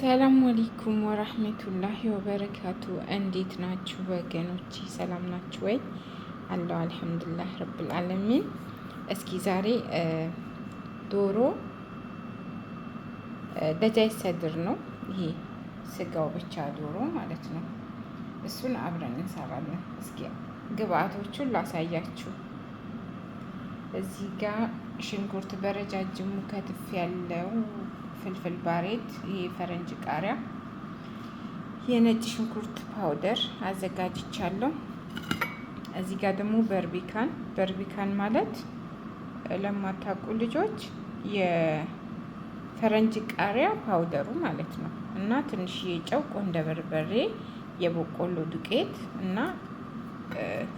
ሰላም አለይኩም ወራህመቱላሂ ወበረካቱ። እንዴት ናችሁ ወገኖች? ሰላም ናችሁ ወይ? አለው አልሐምዱሊላህ ረብል ዓለሚን። እስኪ ዛሬ ዶሮ ደጃይ ሰድር ነው ይሄ ስጋው ብቻ ዶሮ ማለት ነው። እሱን አብረን እንሰራለን። እስኪ ግብአቶቹን ላሳያችሁ። እዚህ ጋር ሽንኩርት በረጃጅሙ ከትፍ ያለው ፍልፍል ባሬት፣ የፈረንጅ ቃሪያ፣ የነጭ ሽንኩርት ፓውደር አዘጋጅቻለሁ። እዚህ ጋር ደግሞ በርቢካን በርቢካን ማለት ለማታውቁ ልጆች የፈረንጅ ቃሪያ ፓውደሩ ማለት ነው። እና ትንሽዬ ጨው፣ ቆንደ በርበሬ፣ የበቆሎ ዱቄት እና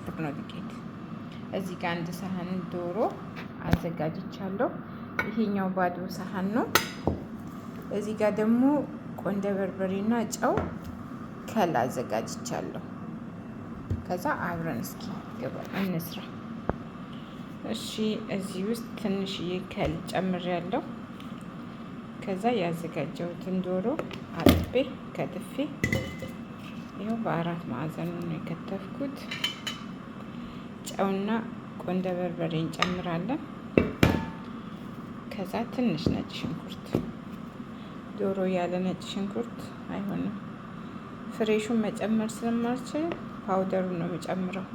ፍርኖ ዱቄት። እዚህ ጋር አንድ ሳህን ዶሮ አዘጋጅቻለሁ። ይሄኛው ባዶ ሳህን ነው። እዚህ ጋር ደግሞ ቆንደ በርበሬና ጨው ከል አዘጋጅቻለሁ። ከዛ አብረን እስኪ ገባ እንስራ። እሺ እዚህ ውስጥ ትንሽዬ ከል ጨምሬያለሁ። ከዛ ያዘጋጀሁትን ዶሮ አጥቤ ከትፌ ይኸው በአራት ማዕዘኑ ነው የከተፍኩት። ጨውና ቆንደ በርበሬ እንጨምራለን። ከዛ ትንሽ ነጭ ሽንኩርት ዶሮ ያለ ነጭ ሽንኩርት አይሆንም። ፍሬሹን መጨመር ስለማልችል ፓውደሩ ነው የምጨምረው።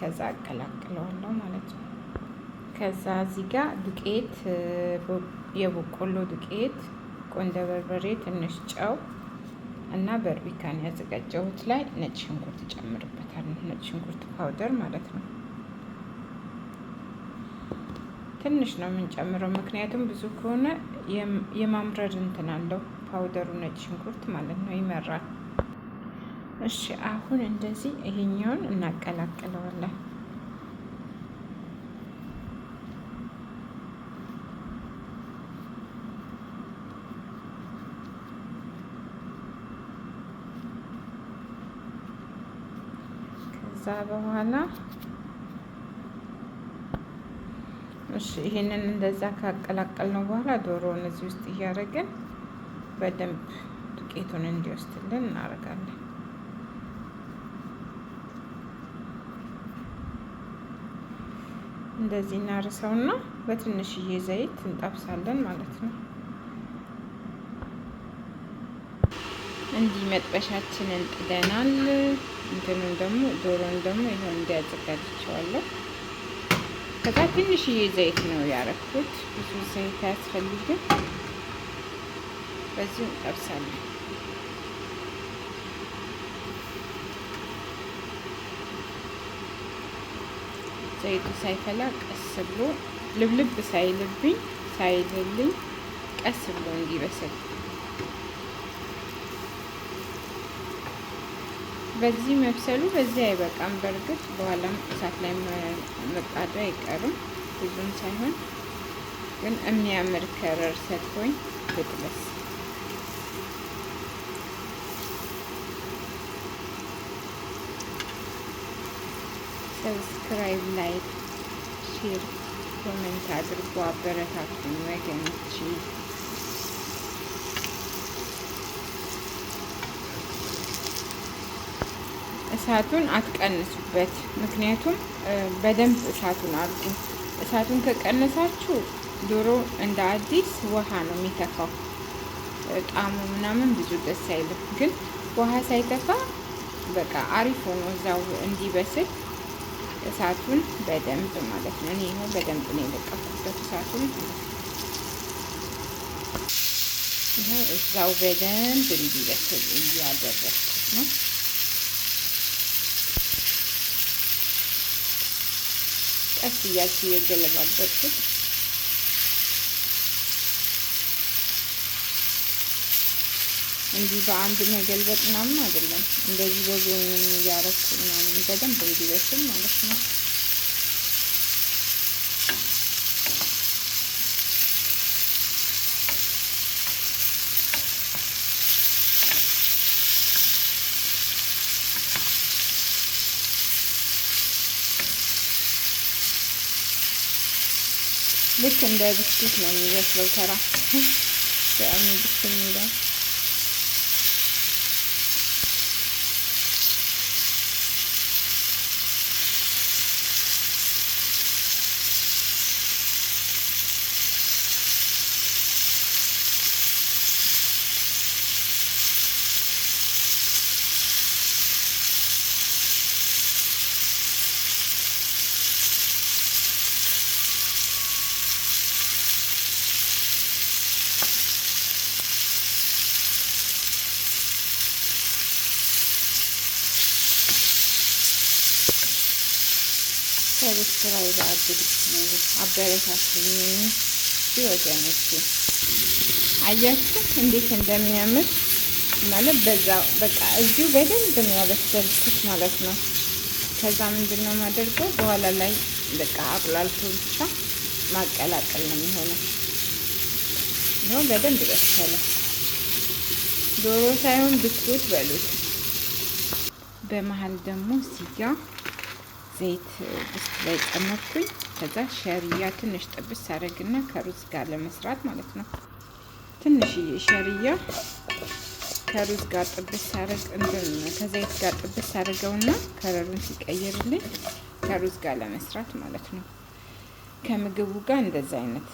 ከዛ አቀላቅለዋለሁ ማለት ነው። ከዛ እዚህ ጋር ዱቄት፣ የበቆሎ ዱቄት፣ ቆንደ በርበሬ፣ ትንሽ ጨው እና በርቢካን ያዘጋጀሁት ላይ ነጭ ሽንኩርት ይጨምርበታል። ነጭ ሽንኩርት ፓውደር ማለት ነው። ትንሽ ነው የምንጨምረው፣ ምክንያቱም ብዙ ከሆነ የማምረድ እንትን አለው። ፓውደሩ ነጭ ሽንኩርት ማለት ነው፣ ይመራል። እሺ አሁን እንደዚህ ይሄኛውን እናቀላቅለዋለን። ከዛ በኋላ እሺ ይሄንን እንደዛ ካቀላቀል ነው በኋላ ዶሮውን እዚህ ውስጥ እያደረግን በደንብ ዱቄቱን እንዲወስድልን እናደርጋለን። እንደዚህ እናርሰውና በትንሽዬ ዘይት እንጠብሳለን ማለት ነው። እንዲህ መጥበሻችንን ጥደናል። እንትኑን ደግሞ ዶሮን ደግሞ ይሁን እንዲያዘጋጅቸዋለሁ ከዛ ትንሽዬ ዘይት ነው ያረኩት። ብዙ ዘይት አያስፈልግም። በዚሁ እንጠብሳለን። ዘይቱ ሳይፈላ ቀስ ብሎ ልብልብ ሳይልብኝ ሳይልልኝ ቀስ ብሎ እንዲበስል በዚህ መብሰሉ በዚህ አይበቃም። በእርግጥ በኋላም እሳት ላይ መጣዱ አይቀርም። ብዙም ሳይሆን ግን የሚያምር ከረር ሰጥቶኝ ብጥበስ ሰብስክራይብ፣ ላይክ፣ ሼር፣ ኮሜንት አድርጎ አበረታቱን ወገኖች። እሳቱን አትቀንሱበት። ምክንያቱም በደንብ እሳቱን አርጉ። እሳቱን ከቀነሳችሁ ዶሮ እንደ አዲስ ውሃ ነው የሚተፋው። ጣሙ ምናምን ብዙ ደስ አይልም። ግን ውሃ ሳይተፋ በቃ አሪፍ ሆኖ እዛው እንዲበስል እሳቱን በደንብ ማለት ነው። እኔ ይኸው በደንብ ነው የለቀኩበት እሳቱን። ይኸው እዛው በደንብ እንዲበስል እያደረግኩት ነው። ቀስ እያችሁ እየገለባበጡት እንዲህ በአንድ መገልበጥ ምናምን አይደለም። እንደዚህ በጎን እያረኩ ምናምን በደንብ እንዲበስል ማለት ነው። ልክ እንደ ብስኩት ነው የሚበስለው። ተራ በጣም ነው ደስ የሚለው። ሰብስክራይብ አድርጉ፣ አበረታቱኝ ወገኖቼ። አያችሁ እንዴት እንደሚያምር ማለት በዛ በቃ እዚሁ በደንብ ነው ያበሰልኩት ማለት ነው። ከዛ ምንድን ነው ማደርገው በኋላ ላይ በቃ አቁላልቶ ብቻ ማቀላቀል ነው የሚሆነው። ይኸው በደንብ በሰለ። ዶሮ ሳይሆን ብስኩት በሉት። በመሀል ደግሞ ሲጋ ዘይት ድስት ላይ ጨመርኩኝ። ከዛ ሸሪያ ትንሽ ጥብስ አደረግና ከሩዝ ጋር ለመስራት ማለት ነው። ትንሽዬ ሸሪያ ከሩዝ ጋር ጥብስ አደረግ ከዘይት ጋር ጥብስ አደረገውና ከረሩን ሲቀይርልኝ ከሩዝ ጋር ለመስራት ማለት ነው። ከምግቡ ጋር እንደዚ አይነት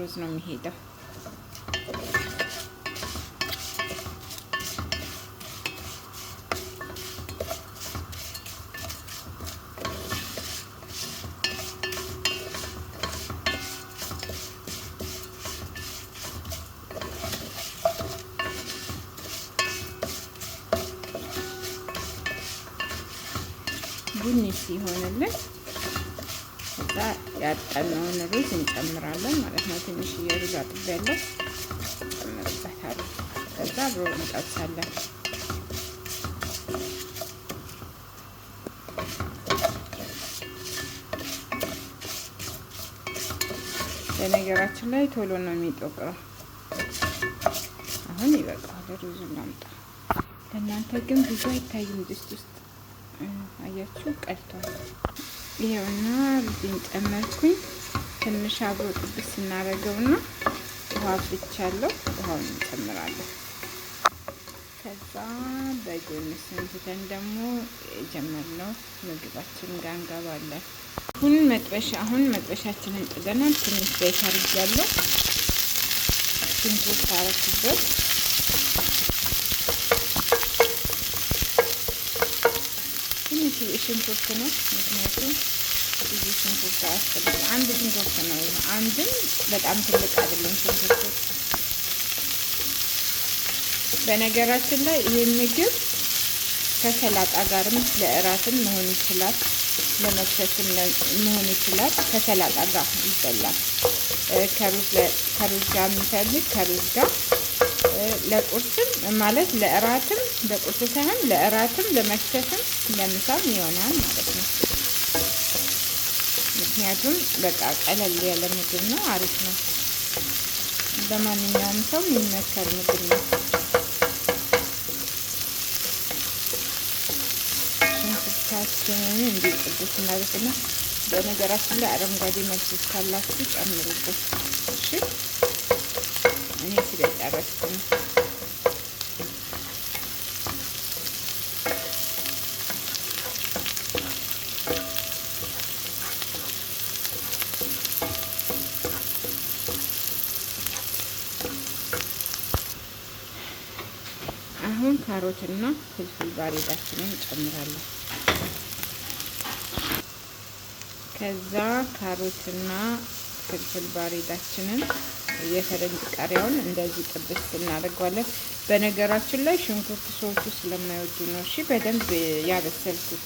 ሩዝ ነው የሚሄደው። ሲሆንልን እዛ ያጠናውን ሩዝ እንጨምራለን ማለት ነው። ትንሽ የሩዝ አጥብ ያለው እንጨምርበታለን። ከዛ አብሮ እንጠብሳለን። በነገራችን ላይ ቶሎ ነው የሚጠቁረው። አሁን ይበቃል። ሩዙ ላምጣ። ለእናንተ ግን ብዙ አይታይም ድስት ውስጥ አያችሁ ቀልቷል። ይሄውና ሩዝን ጨመርኩኝ። ትንሽ አብሮ ጥብስ ስናደርገውና ውሃ ብቻለሁ። ውሃውን እንጨምራለን። ከዛ በጎን ስንትተን ደግሞ የጀመርነው ምግባችን ጋር እንገባለን። አሁን መጥበሻ አሁን መጥበሻችንን ጥደናል። ትንሽ ዘይት አድርጊያለሁ ሽንኩርት አረኩበት ሽንኩርት ነው። ምክንያቱም ብዙ ሽንኩርት አያስፈልግም። አንድ ሽንኩርት ነው። አንድም በጣም ትልቅ አይደለም ሽንኩርት። በነገራችን ላይ ይህን ምግብ ከሰላጣ ጋርም ለእራትም መሆን ይችላል፣ ለመክሰስም መሆን ይችላል። ከሰላጣ ጋር ይበላል። ከሩዝ ጋር የሚፈልግ ከሩዝ ጋር ለቁርስም ማለት ለእራትም ለቁርስ ሳይሆን ለእራትም ለመክሰስም ለምሳም ይሆናል ማለት ነው። ምክንያቱም በቃ ቀለል ያለ ምግብ ነው፣ አሪፍ ነው። በማንኛውም ሰው የሚመከር ምግብ ነው። ሽንኩርታችንን እንዲህ ቅዱስ እናደርግና በነገራችን ላይ አረንጓዴ መልስ ካላችሁ ጨምሩበት። ስለጨረስኩኝ አሁን ካሮት እና ፍልፍል ባሪዳችንን ጨምራለሁ። ከዛ ካሮትና ፍልፍል ባሪዳችንን የፈረንጅ ቃሪያውን እንደዚህ ጥብስ እናደርገዋለን። በነገራችን ላይ ሽንኩርት ሰዎቹ ስለማይወዱ ነው። እሺ በደንብ ያበሰልኩት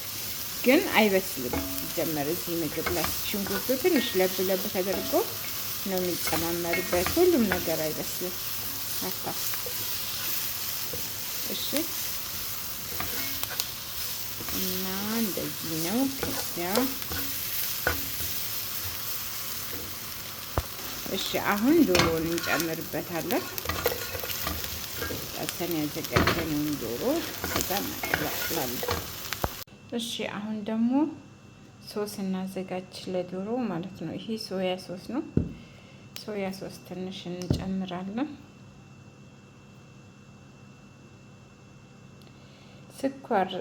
ግን አይበስልም። ሲጀመር እዚህ ምግብ ላይ ሽንኩርቱ ትንሽ ለብ ለብ ተደርጎ ነው የሚጨማመርበት። ሁሉም ነገር አይበስልም። አታ እሺ እና እንደዚህ ነው ከዚያ እሺ አሁን ዶሮን እንጨምርበታለን። ጠሰን ያዘጋጀነውን ዶሮ እዛ እናቀላቅላለን። እሺ አሁን ደግሞ ሶስ እናዘጋጅ ለዶሮ ማለት ነው። ይሄ ሶያ ሶስ ነው። ሶያ ሶስ ትንሽ እንጨምራለን። ስኳር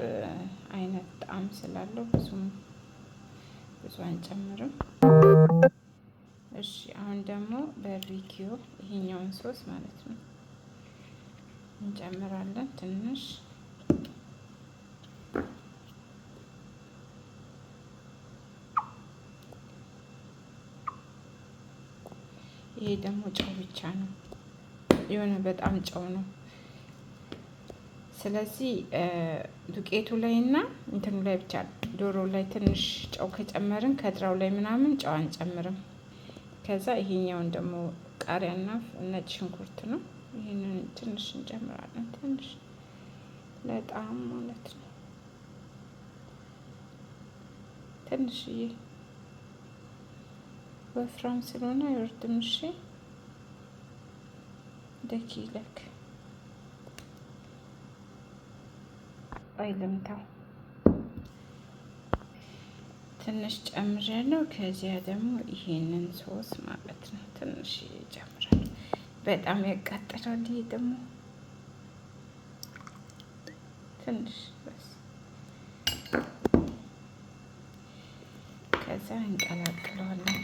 አይነት ጣዕም ስላለው ብዙም ብዙ አንጨምርም። እሺ አሁን ደግሞ በርቢኪዩ ይሄኛውን ሶስ ማለት ነው እንጨምራለን ትንሽ ይሄ ደግሞ ጨው ብቻ ነው። የሆነ በጣም ጨው ነው። ስለዚህ ዱቄቱ ላይ እና እንትኑ ላይ ብቻ ዶሮ ላይ ትንሽ ጨው ከጨመርን ከድራው ላይ ምናምን ጨው አንጨምርም። ከዛ ይሄኛውን ደግሞ ቃሪያና ነጭ ሽንኩርት ነው። ይህንን ትንሽ እንጨምራለን። ትንሽ ለጣም ማለት ነው። ትንሽዬ ወፍራም ስለሆነ አይወርድም። እሺ ለክ አይልምታው ትንሽ ያለው ከዚያ ደግሞ ይሄንን ሶስ ማለት ነው ትንሽ ጨምራል። በጣም ያቃጥላል። ይሄ ደግሞ ትንሽ ከዛ እንቀላቅለዋለን።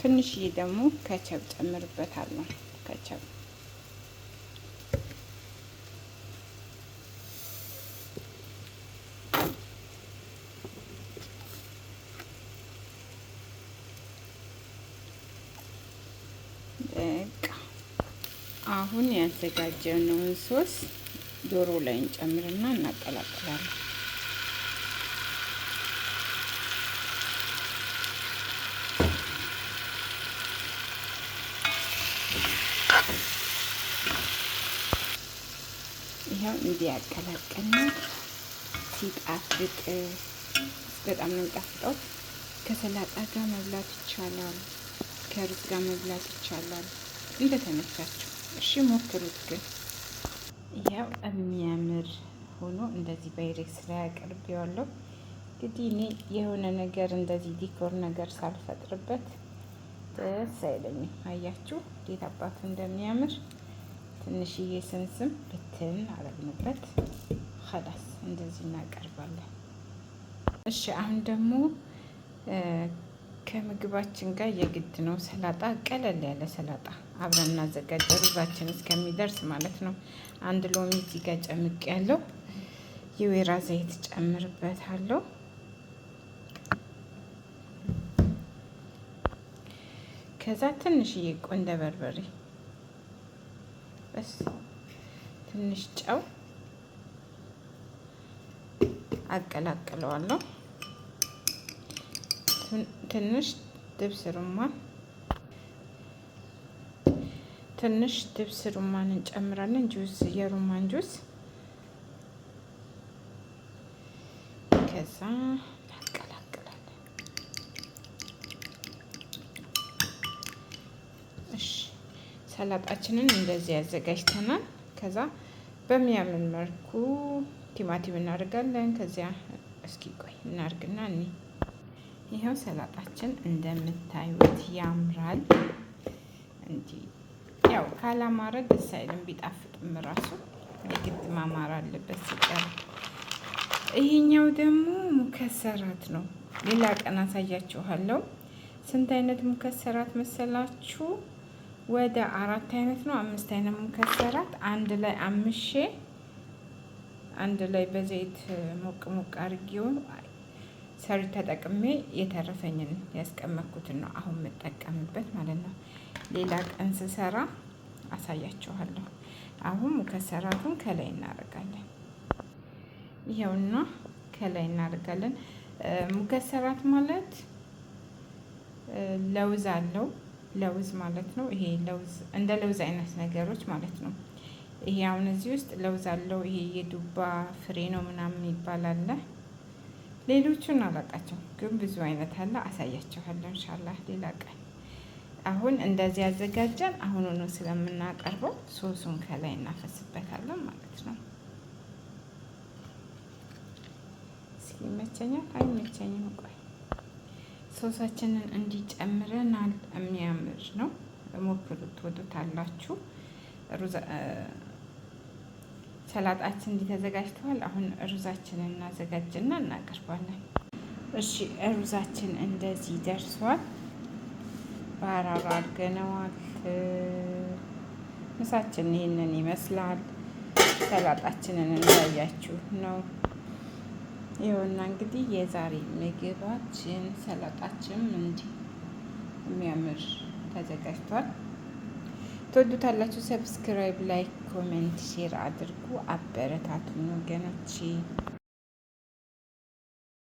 ትንሽዬ ደግሞ ከቸብ ጨምርበታለሁ ከቸብ በቃ አሁን ያዘጋጀነውን ሶስ ዶሮ ላይ እንጨምርና እናቀላቅላለን። ይኸው እንዲህ ያቀላቀልና ሲጣፍጥ በጣም ነው የሚጣፍጠው። ከሰላጣ ጋር መብላት ይቻላል። ከሩዝ ጋር መብላት ይቻላል። እንደተመቻችሁ እሺ ሞክሩት። ግን ያው የሚያምር ሆኖ እንደዚህ በይሬክስ ላይ አቅርቤዋለሁ። እንግዲህ እኔ የሆነ ነገር እንደዚህ ዲኮር ነገር ሳልፈጥርበት ደስ አይለኝም። አያችሁ እንዴት አባቱ እንደሚያምር ትንሽዬ ስምስም ብትን አረግንበት። ከላስ እንደዚህ እናቀርባለን። እሺ አሁን ደግሞ ከምግባችን ጋር የግድ ነው። ሰላጣ ቀለል ያለ ሰላጣ አብረን እናዘጋጀ ሩዛችን እስከሚደርስ ማለት ነው። አንድ ሎሚ እዚህ ጋር ጨምቅ ያለው የወይራ ዘይት ጨምርበታለሁ። ከዛ ትንሽዬ ቆንደ በርበሬ በስ ትንሽ ጨው አቀላቅለዋለሁ። ትንሽ ድብስ ሩማን ትንሽ ጥብስ ሩማን እንጨምራለን። ጁስ የሩማን ጁስ ከዛ እናቀላቅላለን። ሰላጣችንን እንደዚህ አዘጋጅተናል ከዛ በሚያምን መልኩ ቲማቲም እናደርጋለን። ከዚያ እስኪ ቆይ እናርግና እኔ ይኸው ሰላጣችን እንደምታዩት ያምራል። እንጂ ያው ካላማረ ደስ አይልም። ቢጣፍጥም ራሱ የግድ ማማር አለበት ሲቀር። ይሄኛው ደግሞ ሙከሰራት ነው። ሌላ ቀን አሳያችኋለሁ። ስንት አይነት ሙከሰራት መሰላችሁ? ወደ አራት አይነት ነው፣ አምስት አይነት ሙከሰራት አንድ ላይ አምሼ አንድ ላይ በዘይት ሞቅ ሞቅ አድርጌው ሰሪ ተጠቅሜ የተረፈኝን ያስቀመጥኩትን ነው አሁን የምጠቀምበት ማለት ነው። ሌላ ቀን ስሰራ አሳያችኋለሁ። አሁን ሙከሰራቱን ከላይ እናደርጋለን። ይኸውና ከላይ እናደርጋለን። ሙከሰራት ማለት ለውዝ አለው ለውዝ ማለት ነው። ይሄ ለውዝ እንደ ለውዝ አይነት ነገሮች ማለት ነው። ይሄ አሁን እዚህ ውስጥ ለውዝ አለው። ይሄ የዱባ ፍሬ ነው ምናምን ይባላል። ሌሎቹን አላቃቸው ግን ብዙ አይነት አለ። አሳያችኋለሁ እንሻላ ሌላ ቀን። አሁን እንደዚህ ያዘጋጀን አሁኑኑ ስለምናቀርበው ሶሱን ከላይ እናፈስበታለን ማለት ነው። ይመቸኛል አይመቸኝም? ቆይ ሶሳችንን እንዲጨምረናል። የሚያምር ነው። ሞክሩት፣ ትወዱታላችሁ። ሰላጣችን እንዲህ ተዘጋጅተዋል። አሁን ሩዛችንን እናዘጋጅና እናቀርባለን። እሺ ሩዛችን እንደዚህ ደርሷል። በአራራ አርገነዋል። ምሳችን ይህንን ይመስላል። ሰላጣችንን እንዳያችሁ ነው። ይኸውና እንግዲህ የዛሬ ምግባችን ሰላጣችን እንዲህ የሚያምር ተዘጋጅቷል። ትወዱታላችሁ። ሰብስክራይብ፣ ላይክ፣ ኮሜንት፣ ሼር አድርጉ። አበረታቱን ወገኖቼ።